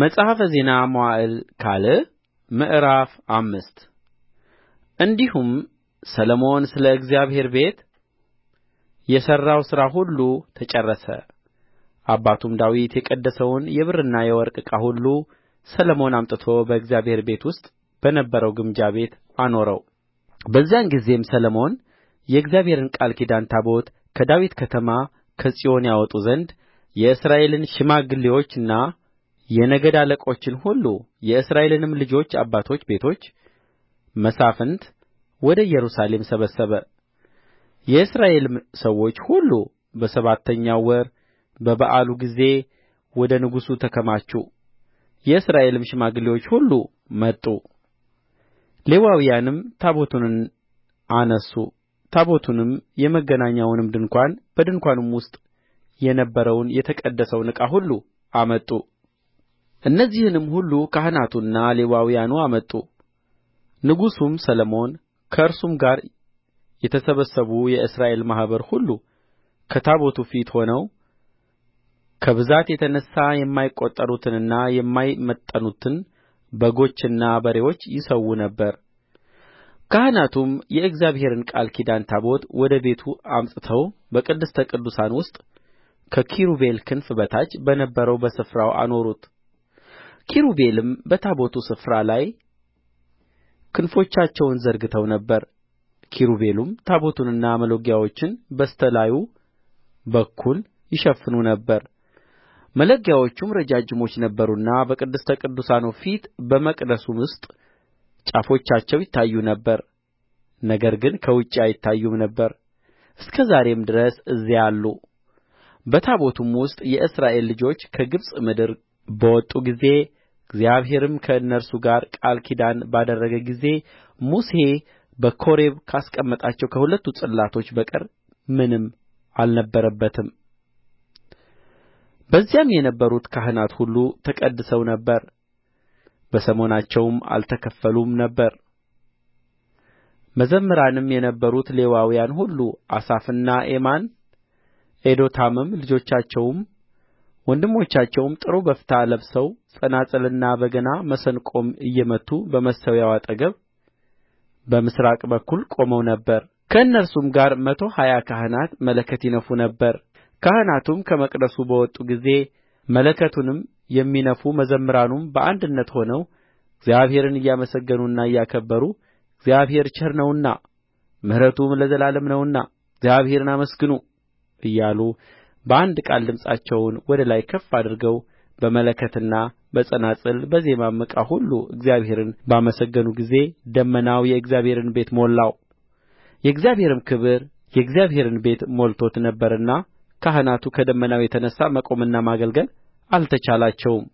መጽሐፈ ዜና መዋዕል ካልዕ ምዕራፍ አምስት እንዲሁም ሰሎሞን ስለ እግዚአብሔር ቤት የሠራው ሥራ ሁሉ ተጨረሰ አባቱም ዳዊት የቀደሰውን የብርና የወርቅ ዕቃ ሁሉ ሰሎሞን አምጥቶ በእግዚአብሔር ቤት ውስጥ በነበረው ግምጃ ቤት አኖረው። በዚያን ጊዜም ሰሎሞን የእግዚአብሔርን ቃል ኪዳን ታቦት ከዳዊት ከተማ ከጽዮን ያወጡ ዘንድ የእስራኤልን ሽማግሌዎችና የነገድ አለቆችን ሁሉ የእስራኤልንም ልጆች አባቶች ቤቶች መሳፍንት ወደ ኢየሩሳሌም ሰበሰበ የእስራኤልም ሰዎች ሁሉ በሰባተኛው ወር በበዓሉ ጊዜ ወደ ንጉሡ ተከማቹ የእስራኤልም ሽማግሌዎች ሁሉ መጡ ሌዋውያንም ታቦቱን አነሡ ታቦቱንም የመገናኛውንም ድንኳን በድንኳኑም ውስጥ የነበረውን የተቀደሰውን ዕቃ ሁሉ አመጡ እነዚህንም ሁሉ ካህናቱና ሌዋውያኑ አመጡ ንጉሡም ሰሎሞን ከእርሱም ጋር የተሰበሰቡ የእስራኤል ማኅበር ሁሉ ከታቦቱ ፊት ሆነው ከብዛት የተነሣ የማይቈጠሩትንና የማይመጠኑትን በጎችና በሬዎች ይሠዉ ነበር። ካህናቱም የእግዚአብሔርን ቃል ኪዳን ታቦት ወደ ቤቱ አምጥተው በቅድስተ ቅዱሳን ውስጥ ከኪሩቤል ክንፍ በታች በነበረው በስፍራው አኖሩት። ኪሩቤልም በታቦቱ ስፍራ ላይ ክንፎቻቸውን ዘርግተው ነበር ኪሩቤልም ታቦቱንና መሎጊያዎቹን በስተ ላዩ በኩል ይሸፍኑ ነበር መሎጊያዎቹም ረጃጅሞች ነበሩና በቅድስተ ቅዱሳኑ ፊት በመቅደሱ ውስጥ ጫፎቻቸው ይታዩ ነበር ነገር ግን ከውጭ አይታዩም ነበር እስከ ዛሬም ድረስ እዚያ አሉ በታቦቱም ውስጥ የእስራኤል ልጆች ከግብጽ ምድር በወጡ ጊዜ እግዚአብሔርም ከእነርሱ ጋር ቃል ኪዳን ባደረገ ጊዜ ሙሴ በኮሬብ ካስቀመጣቸው ከሁለቱ ጽላቶች በቀር ምንም አልነበረበትም በዚያም የነበሩት ካህናት ሁሉ ተቀድሰው ነበር በሰሞናቸውም አልተከፈሉም ነበር መዘምራንም የነበሩት ሌዋውያን ሁሉ አሳፍና ኤማን ኤዶታምም ልጆቻቸውም ወንድሞቻቸውም ጥሩ በፍታ ለብሰው ጸናጽልና በገና መሰንቆም እየመቱ በመሠዊያው አጠገብ በምሥራቅ በኩል ቆመው ነበር ከእነርሱም ጋር መቶ ሀያ ካህናት መለከት ይነፉ ነበር ካህናቱም ከመቅደሱ በወጡ ጊዜ መለከቱንም የሚነፉ መዘምራኑም በአንድነት ሆነው እግዚአብሔርን እያመሰገኑና እያከበሩ እግዚአብሔር ቸር ነውና ምሕረቱም ለዘላለም ነውና እግዚአብሔርን አመስግኑ እያሉ በአንድ ቃል ድምፃቸውን ወደ ላይ ከፍ አድርገው በመለከትና በጸናጽል በዜማም ዕቃ ሁሉ እግዚአብሔርን ባመሰገኑ ጊዜ ደመናው የእግዚአብሔርን ቤት ሞላው የእግዚአብሔርም ክብር የእግዚአብሔርን ቤት ሞልቶት ነበርና ካህናቱ ከደመናው የተነሣ መቆምና ማገልገል አልተቻላቸውም